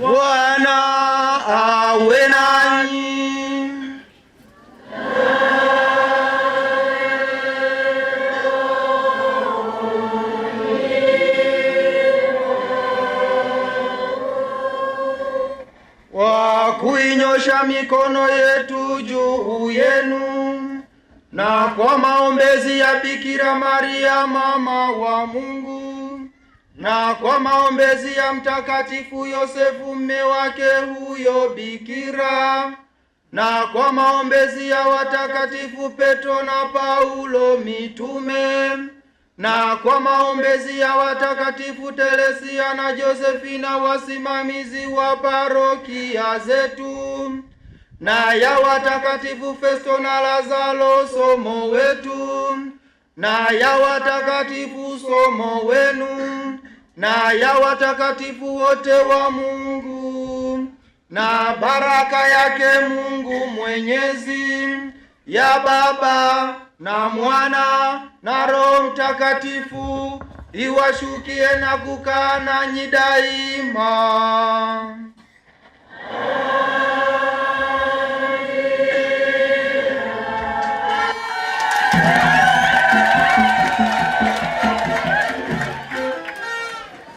Bwana awe nanyi. kuinyosha mikono yetu juu yenu na kwa maombezi ya Bikira Maria mama wa Mungu na kwa maombezi ya Mtakatifu Yosefu mme wake huyo bikira, na kwa maombezi ya watakatifu Petro na Paulo mitume, na kwa maombezi ya watakatifu Teresia na Josefina wasimamizi wa parokia zetu, na ya watakatifu Festo na Lazaro somo wetu, na ya watakatifu somo wenu na ya watakatifu wote wa Mungu na baraka yake Mungu Mwenyezi ya Baba na Mwana na Roho Mtakatifu iwashukie na kukaa nanyi daima.